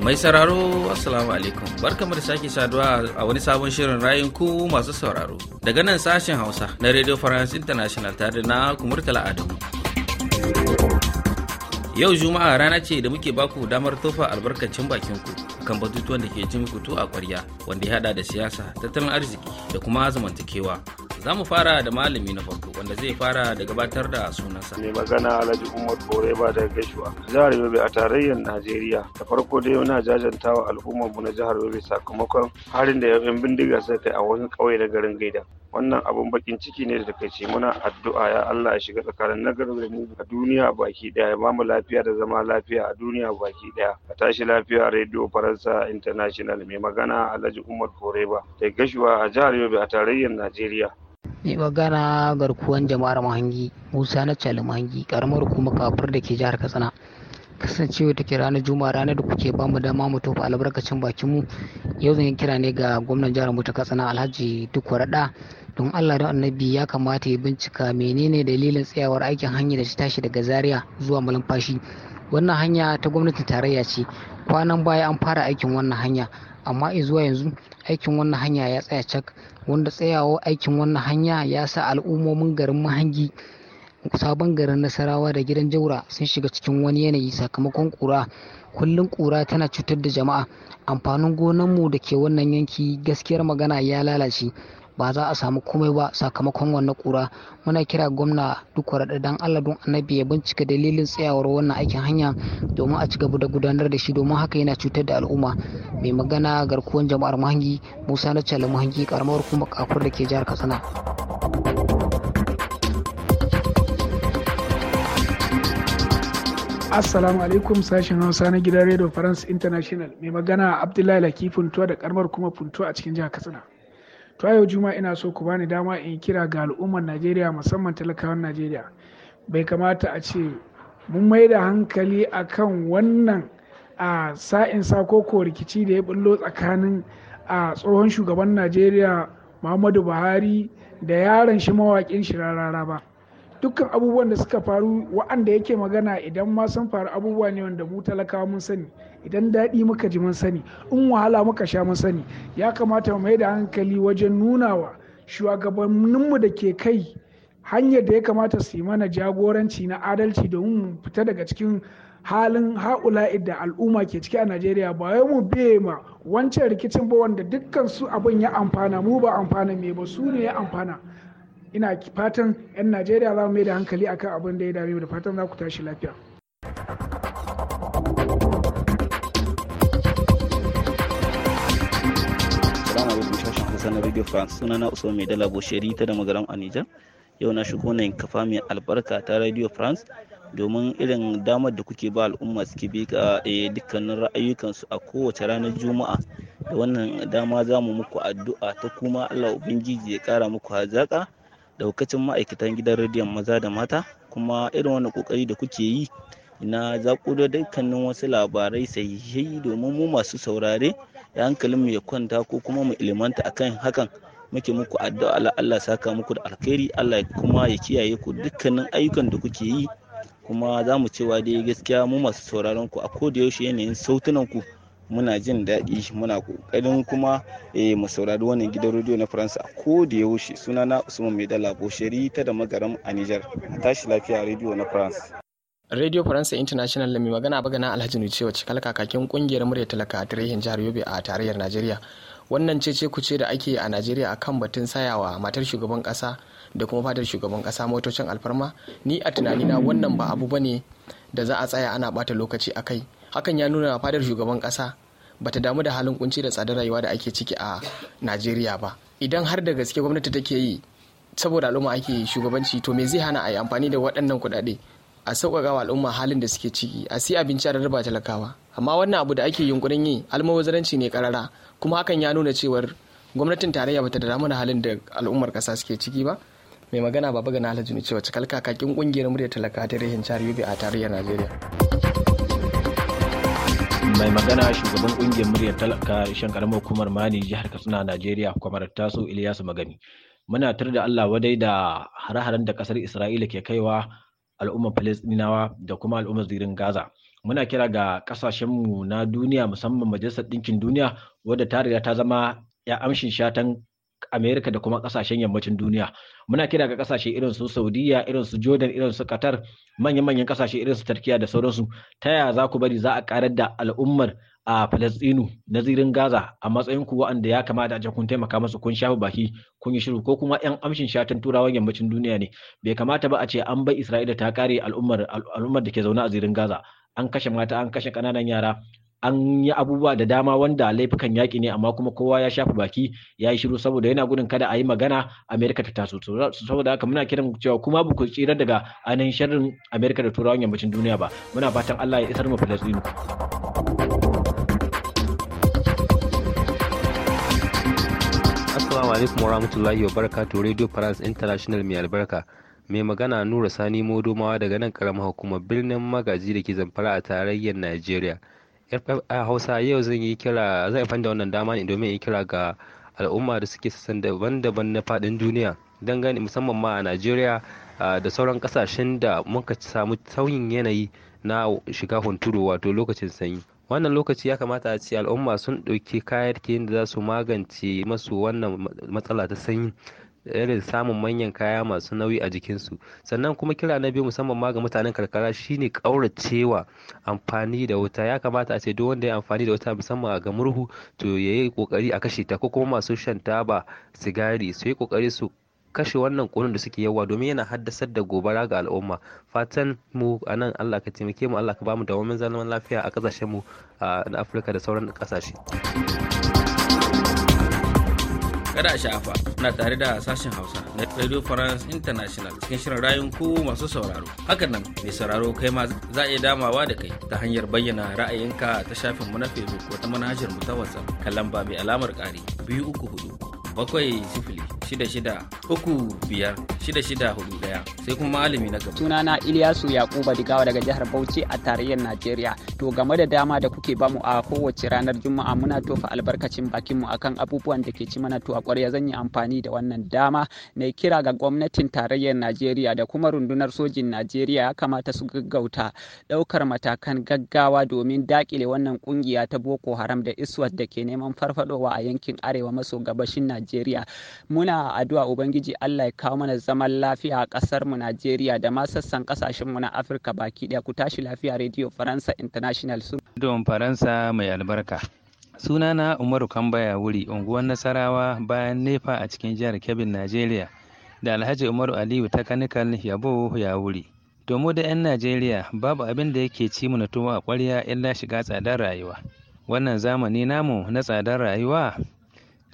Mai sauraro Assalamu alaikum barkamu da sake saduwa a wani sabon shirin rayun ku masu sauraro daga nan sashen Hausa na Radio France International tare na Kumurtala Adamu. Yau Juma'a rana ce da muke baku damar tofa albarkacin bakin ku kan batutuwan da ke jin kutu a kwarya wanda ya hada da siyasa, tattalin arziki da kuma zamantakewa. Za mu fara da malami na farko wanda zai fara da gabatar da sunansa. Mai magana Alhaji Umar Bore ba da gaishuwa. Jihar Yobe a tarayyar Najeriya. Da farko dai muna wa al'ummar mu na jihar Yobe sakamakon harin da 'yan bindiga suka kai a wani ƙauye na garin Gaida. wannan abun bakin ciki ne da ce muna addu'a ya Allah ya shiga tsakanin na da mu a duniya baki daya ya bamu lafiya da zama lafiya a duniya baki daya a tashi lafiya radio faransa international mai magana alhaji umar koreba da gashuwa a jihar yobe a tarayyar najeriya mai magana garkuwan jama'ar mahangi musa na cali mahangi karamar kuma kafar da ke jihar katsina kasancewa take ranar juma'a ranar da kuke bamu dama mu tofa albarkacin bakinmu yau zan yi kira ne ga gwamnan jihar mu ta katsina alhaji duk raɗa don allah da annabi ya kamata ya bincika menene dalilin tsayawar aikin hanya da ta tashi daga zaria zuwa malumfashi wannan hanya ta gwamnatin tarayya ce kwanan baya an fara aikin wannan hanya amma zuwa yanzu aikin wannan hanya ya tsaya cak wanda tsayawa aikin wannan hanya ya sa al'ummomin garin mahangi sabon garin nasarawa da gidan jaura sun shiga cikin wani yanayi sakamakon kura kullum kura tana cutar da jama'a amfanin gonanmu da ke wannan yanki gaskiyar magana ya lalace ba za a samu komai ba sakamakon wannan kura muna kira gwamna duk dan allah don annabi ya bincika dalilin tsayawar wannan aikin hanya domin a ci gaba da gudanar da shi domin haka yana cutar da al'umma mai magana garkuwan jama'ar Muhangi, musa na cala Muhangi, karamar kuma kakur da ke jihar katsina Assalamu alaikum sashen Hausa na gidan Radio France International mai magana Abdullahi Laki Funtuwa da karamar kuma Funtuwa a cikin jihar Katsina. To yau Juma'a ina so ku bani dama in kira ga al'ummar Najeriya musamman talakawan Najeriya. Bai kamata a ce mun mai da hankali akan wannan a sa'insa ko rikici da ya bullo tsakanin a tsohon shugaban najeriya muhammadu buhari da yaron shi mawaƙin shi rarara ba dukkan abubuwan da suka faru wa'anda yake magana idan ma sun faru abubuwa ne wanda mu talakawa mun sani idan daɗi muka ji mun sani in wahala muka sha mun sani ya kamata mu mai da hankali wajen nuna nunawa shugabanninmu da ke kai hanyar da ya kamata su yi mana jagoranci na adalci domin mu fita daga cikin halin haula da al'umma ke ciki a najeriya ba wai mu ma wancan rikicin ba wanda dukkan su abin ya amfana mu ba amfana me ba su ne ya amfana ina fatan 'yan najeriya za mu mai da hankali akan abin da ya dame da fatan za ku tashi lafiya Hausa na frans suna na Usman Mai Dala ta da magaram a Nijar. Yau na shigo na kafa mai albarka ta Radio France domin irin damar da kuke ba al'umma suke bi ga eh, dukkanin ra'ayyukansu a kowace ranar juma'a da wannan dama za mu muku addu'a ta kuma allah ubangiji ya kara muku hazaƙa daukacin ma'aikatan gidan rediyon maza da mata kuma irin wani kokari da kuke yi na da dukkanin wasu labarai sahihai domin mu masu saurare da hankalin mu ya kwanta ko kuma mu ilimanta akan hakan muke muku addu'a Allah saka muku da alkhairi Allah kuma ya kiyaye ku dukkanin ayyukan da kuke yi kuma za mu cewa dai gaskiya mu masu sauraron ku a kodayaushe yaushe yanayin sautunan ku muna jin daɗi muna ƙoƙarin kuma eh, mu saurari wannan gidan rediyo na faransa a koda yaushe na usman mai dala bosheri ta da magaram a nijar a tashi lafiya rediyo na faransa Radio France International mai magana bagana Alhaji Nuce wacce kakin kungiyar murya talaka a tarihin jihar Yobe a tarayyar Najeriya. wannan cece kuce da ake a najeriya kan batun sayawa matar shugaban kasa da kuma fadar shugaban kasa motocin alfarma ni a tunani na wannan ba abu ba ne da za a tsaya ana bata lokaci a kai hakan ya nuna fadar shugaban kasa bata damu da halin kunci da tsadar rayuwa da ake ciki a najeriya ba idan har da gaske gwamnati take yi saboda al'umma ake shugabanci to me zai hana a yi amfani da waɗannan kuɗaɗe a sauƙaƙa wa al'umma halin da suke ciki a siya abinci a rarraba talakawa amma wannan abu da ake yunkurin yi almawazaranci ne karara kuma hakan ya nuna cewar gwamnatin tarayya bata da ramuna halin da al'ummar kasa suke ciki ba mai magana baba gana alhaji jini cewa cikal kakakin kungiyar murya talaka ta rehin cari a tarayyar najeriya mai magana shugaban kungiyar murya talaka shan karamar hukumar mani jihar katsina najeriya kwamar taso ilyasu magani muna tar da allah wadai da hare-haren da kasar isra'ila ke kaiwa al'ummar Falasɗinawa da kuma al'ummar zirin gaza muna kira ga kasashenmu na duniya musamman majalisar Dinkin duniya wadda ta riga ta zama ya amshin shatan amerika da kuma kasashen yammacin duniya muna kira ga kasashe irin su saudiya irin su jordan irin su qatar manya-manyan kasashe irin su turkiya da sauransu ta yaya za ku bari za a karar da al'ummar a Falasɗinu na zirin Gaza a matsayin ku wa'anda ya kamata a kun taimaka musu kun shafi baki kun yi shiru ko kuma yan amshin shatan turawan yammacin duniya ne bai kamata ba a ce an bai Isra'ila ta kare al'ummar al'ummar da ke zaune a zirin Gaza an kashe mata an kashe kananan yara an yi abubuwa da dama wanda laifukan yaƙi ne amma kuma kowa ya shafi baki ya yi shiru saboda yana gudun kada a yi magana amerika ta taso saboda haka muna kiran cewa kuma ba ku tsira daga ainihin sharrin amerika da turawan yammacin duniya ba muna fatan allah ya isar mu falastinu assalamu alaikum warahmatullahi wabarakatuh radio france international mai albarka mai magana nura sani modomawa daga nan karamar hukumar birnin magaji da ke zamfara a tarayyar najeriya a hausa yau zan yi kira zai fanda wannan dama ne domin yi kira ga al'umma da suke sassan daban-daban na fadin duniya don gani musamman ma a najeriya da sauran kasashen da muka samu sauyin yanayi na shiga hunturu wato lokacin sanyi wannan lokaci ya kamata a ce al'umma sun ɗauki kayan da za su magance masu wannan matsala ta sanyi irin samun manyan kaya masu nauyi a jikinsu sannan kuma kira na biyu musamman ma ga mutanen karkara shine kauracewa amfani da wuta ya kamata a ce duk wanda ya amfani da wuta musamman ga murhu to yayi kokari a kashe ta ko kuma masu shan taba sigari su yi kokari su kashe wannan kunun da suke yawa domin yana haddasar da gobara ga al'umma fatan mu a nan allah ka taimake mu allah ka bamu da zaman lafiya a kasashen mu na afirka da sauran kasashe. kada a shafa na tare da sashen hausa na radio france international cikin shirin rayun ku masu sauraro hakan nan mai sauraro kai ma za a yi damawa da kai ta hanyar bayyana ra'ayinka ta shafin mu na facebook wata ta manhajar mu ta whatsapp kan lamba mai alamar kari biyu uku hudu bakwai sifili 66 sai kuma malami na gaba. Sunana Iliyasu Yakuba Digawa daga jihar Bauchi a tarayyar Najeriya. To game da dama da kuke bamu a kowace ranar Juma'a muna tofa albarkacin bakin mu akan abubuwan da ke ci mana to a ƙwarya zan yi amfani da wannan dama na kira ga gwamnatin tarayyar Najeriya da kuma rundunar sojin Najeriya ya kamata su gaggauta ɗaukar matakan gaggawa domin daƙile wannan ƙungiya ta Boko Haram da Iswat da ke neman farfadowa a yankin arewa maso gabashin Najeriya. Muna A addu'a ubangiji Allah ya kawo mana zaman lafiya a kasar mu Najeriya da ma sassan kasashen mu na Afirka baki daya ku tashi lafiya Radio Faransa International sun. Don Faransa mai albarka. Sunana Umaru Kambaya wuri unguwar Nasarawa bayan Nefa a cikin jihar Kebbi Najeriya da Alhaji Umaru Aliyu ta Kanikal Yabo ya wuri. Domin da 'yan Najeriya babu abin da yake ci mu tuwa a ƙwarya illa shiga tsadar rayuwa. Wannan zamani namu na tsadar rayuwa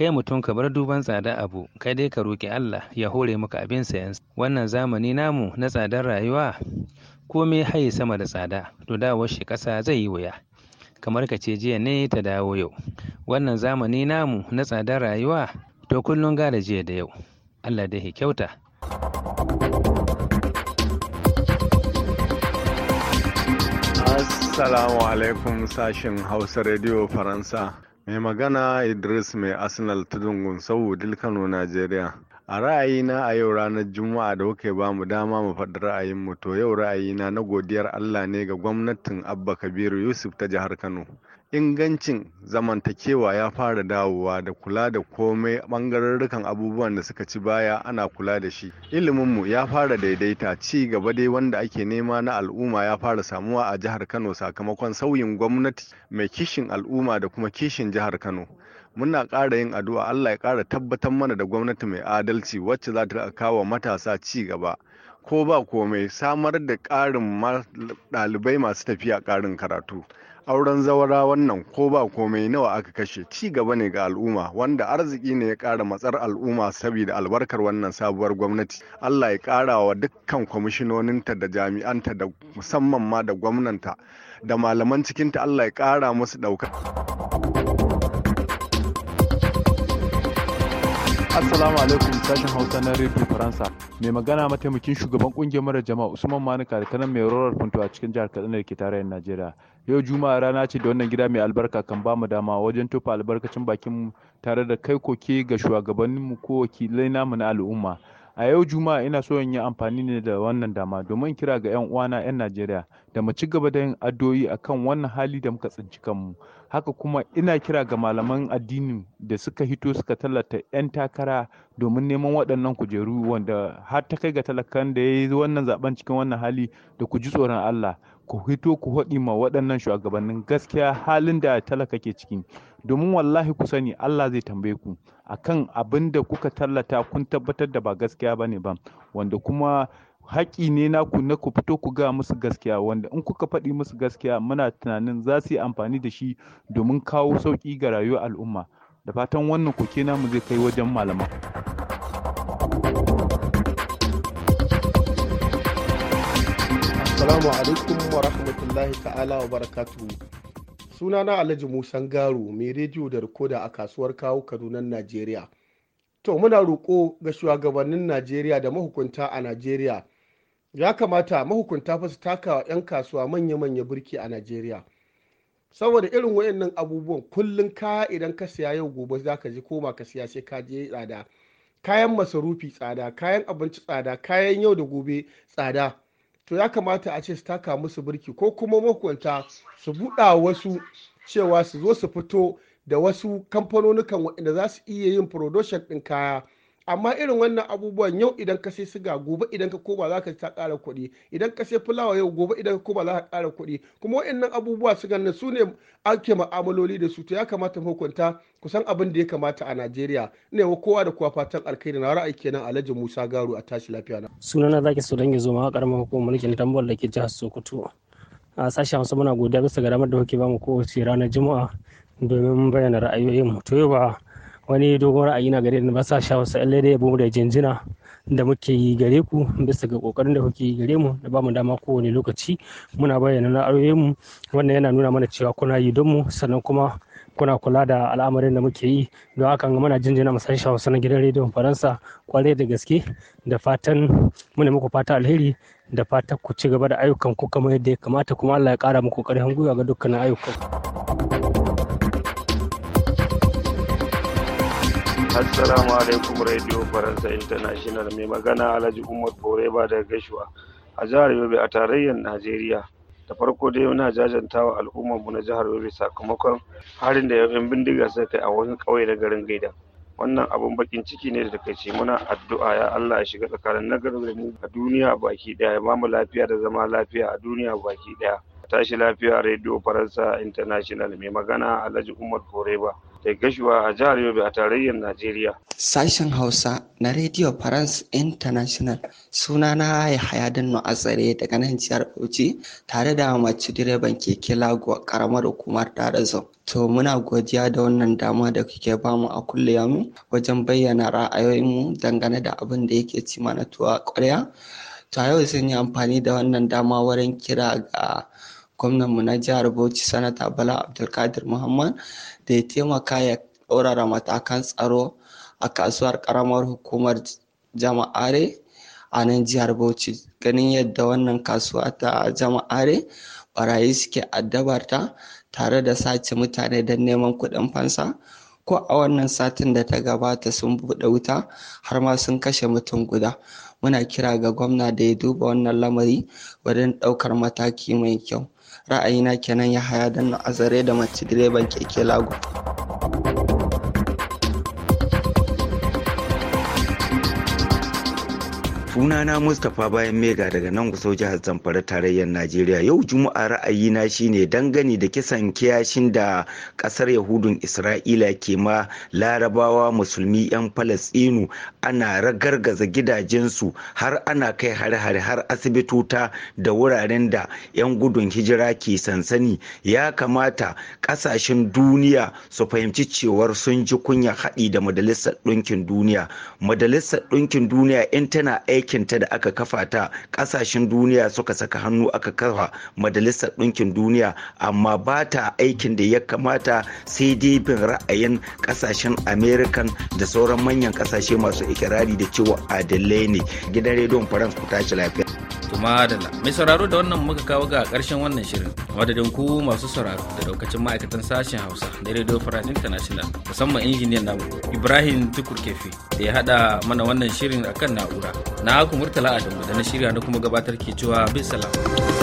kai mutum ka bar duban tsada abu kai dai ka roki Allah ya hore maka abin sayan wannan zamani namu na tsadar rayuwa komai hayi sama da tsada to da washe kasa zai yi wuya kamar ka ce jiya ne ta dawo yau wannan zamani namu na tsadar rayuwa to kullum gara jiya da yau Allah dai ya kyauta Assalamu alaikum sashin Hausa Radio Faransa. Mai magana Idris mai Arsenal tudun Gunsau Dil Kano Najeriya. A ra'ayina a yau ranar Juma'a da kuke ba mu dama mu faɗi ra'ayinmu to yau ra'ayina na godiyar Allah ne ga gwamnatin Abba Kabiru Yusuf ta jihar Kano. ingancin zamantakewa ya fara dawowa da kula da komai ɓangararrukan abubuwan da suka ci baya ana kula da shi iliminmu ya fara daidaita ci gaba dai wanda ake nema na al'umma ya fara samuwa a jihar kano sakamakon sauyin gwamnati mai kishin al'umma da kuma kishin jihar kano muna ƙara yin addu'a allah ya ƙara tabbatar mana da gwamnati mai adalci wacce za ta kawo matasa ci gaba ko ba komai samar da ƙarin ɗalibai masu tafiya ƙarin karatu auren zawara wannan ko ba komai nawa aka kashe ci gaba ne ga al'umma wanda arziki ne ya kara matsar al'umma saboda albarkar wannan sabuwar gwamnati allah ya kara wa dukkan kwamishinoninta da jami'anta da musamman ma da gwamnanta da malaman cikinta allah ya kara musu ɗauka Assalamu alaikum sashen Hausa na Radio Faransa. Mai magana mataimakin shugaban kungiyar mara jama'a Usman Manuka da kanan mai rawar funtu a cikin jihar Kaduna da ke tarayyar Najeriya. Yau Juma'a rana ce da wannan gida mai albarka kan bamu dama wajen tofa albarkacin bakin tare da kai koke ga shugabanninmu ko wakilai namu na al'umma. A yau Juma'a ina so in yi amfani ne da wannan dama domin in kira ga 'yan uwana 'yan Najeriya da mu ci gaba da yin addu'o'i akan wannan hali da muka tsinci kanmu. Haka kuma ina kira ga malaman addinin da suka hito suka tallata 'yan takara domin neman waɗannan kujeru wanda har ta kai ga talakan da ya yi wannan zaben cikin wannan hali da ku ji tsoron Allah. Ku hito ku haɗi ma waɗannan shugabannin gaskiya halin da talaka ke ciki. domin wallahi ku sani Allah zai tambaye ku akan abin da kuka tallata kun tabbatar da ba gaskiya bane ba wanda kuma haƙi ne naku na ku fito ku ga musu gaskiya wanda in kuka faɗi musu gaskiya muna tunanin za su yi amfani da shi domin kawo sauƙi ga rayuwar al'umma da fatan wannan koke namu zai kai wajen malama. Assalamu alaikum wa rahmatullahi ta'ala wa barakatuhu. Suna na alhaji musan garu mai rediyo da rikoda a kasuwar kawo kadunan najeriya to muna roƙo ga shugabannin najeriya da mahukunta a najeriya ya kamata mahukunta fa su taka wa 'yan kasuwa manya-manya birki a najeriya saboda irin wayannan abubuwan kullum ka idan ka siya yau gobe za ka ji koma ka siya sai ka je tsada kayan masarufi tsada kayan abinci tsada kayan yau da gobe tsada to ya kamata a ce su taka musu birki ko kuma mahukunta su buɗa wasu cewa su zo su fito da wasu kamfanonukan waɗanda za su iya yin production ɗin kaya amma irin wannan abubuwan yau idan ka sai siga gobe idan ka koma za ka ta kuɗi idan ka sai fulawa yau gobe idan ka koma za ka kara kuɗi kuma waɗannan abubuwa su ganin su ne ake ma'amaloli da su to ya kamata hukunta kusan abin da ya kamata a Najeriya ne wa kowa da kowa fatan alkhairi na ra'ayi kenan Alhaji Musa Garu a tashi lafiya na sunana zaki so dangi zo ma karamin hukumar mulkin tambol da ke jihar Sokoto a sashen Hausa muna godiya bisa ga damar da kuke bamu kowace ranar jima'a domin bayyana ra'ayoyin mu to yau ba wani dogon ra'ayi na gare ni ba sa sha wasu alle da yabo da jinjina da muke yi gare ku bisa ga kokarin da kuke yi gare mu da bamu dama kowane lokaci muna bayyana ra'ayoyin mu wannan yana nuna mana cewa kuna yi don mu sannan kuma kuna kula da al'amarin da muke yi don haka muna jinjina musan sha wasu na gidan rediyon faransa kwarai da gaske da fatan muna muku fata alheri da fatan ku ci gaba da ayyukan ku kamar yadda ya kamata kuma Allah ya kara muku ƙarfin gwiwa ga dukkanin ayyukan Assalamu alaikum Radio Faransa International mai magana Alhaji Umar Foreba da Gashuwa a jihar Yobe a tarayyar Najeriya. Da farko dai muna jajantawa al'ummar mu na jihar Yobe sakamakon harin da yan bindiga suka kai a wani ƙauye na garin Gaida. Wannan abun bakin ciki ne da ce muna addu'a ya Allah ya shiga tsakanin nagar da mu a duniya baki daya ya mu lafiya da zama lafiya a duniya baki daya. Tashi lafiya Radio Faransa International mai magana Alhaji Umar Foreba. da gashuwa a jihar Yobe a tarayyar Najeriya. Sashen Hausa na Radio France International na Yahaya Danno Azare daga nan jihar Bauchi tare da mace direban keke Lago karamar hukumar darazo To muna godiya da wannan dama da kuke bamu a kulle yamu wajen bayyana ra'ayoyinmu dangane da abin da yake ci mana tuwa ƙwarya. To a yau sun yi amfani da wannan dama wurin kira ga gwamnanmu na jihar bauchi sanata bala abdulkadir muhammad da ya taimaka ya ɗorara matakan tsaro a kasuwar karamar hukumar jama'are a nan jihar bauchi ganin yadda wannan kasuwa ta jama'are barayi suke addabar tare da sace mutane don neman kuɗin fansa ko a wannan satin da ta gabata sun buɗe wuta har ma sun kashe mutum guda muna kira ga gwamna da ya duba wannan lamari wajen ɗaukar mataki mai kyau Ra'ayina kenan ya haya don Azare da mace direban keke Lago. suna na mustapha bayan mega daga nan kusa jihar zamfara tarayyar najeriya yau juma'a ra'ayi na shine dangane da kisan kiyashin da kasar yahudun isra'ila ke ma larabawa musulmi yan falastinu ana ragargaza gidajensu har ana kai hare-hare har asibitota da wuraren da yan gudun hijira ke sansani ya kamata kasashen duniya su fahimci cewar sun ji kunya haɗi da majalisar ɗinkin duniya majalisar ɗinkin duniya in tana aiki aikinta da aka kafa ta kasashen duniya suka saka hannu aka kafa majalisar ɗinkin duniya amma ba ta aikin da ya kamata sai dai bin ra'ayin kasashen american da sauran manyan kasashe masu ikirari da cewa adalai ne gidan rediyon faransa ku tashi lafiya Tuma da mai sauraro da wannan muka kawo ga karshen wannan shirin. Madadin ku masu sauraro da daukacin ma'aikatan sashen Hausa da Radio France International musamman injiniyan namu Ibrahim Tukur Kefi da ya haɗa mana wannan shirin akan na'ura. Na haku Murtala Adamu da na shirya na kuma gabatar ke cewa bisalam.